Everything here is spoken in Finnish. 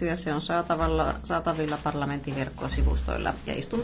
ja se on saatavilla parlamentin verkkosivustoilla ja istunto